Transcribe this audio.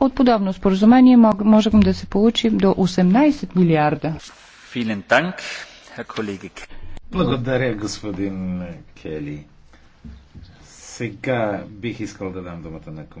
От подобно споразумение можем да се получим до 18 милиарда. Благодаря, господин Кели. Сега бих искал да дам думата на комисията.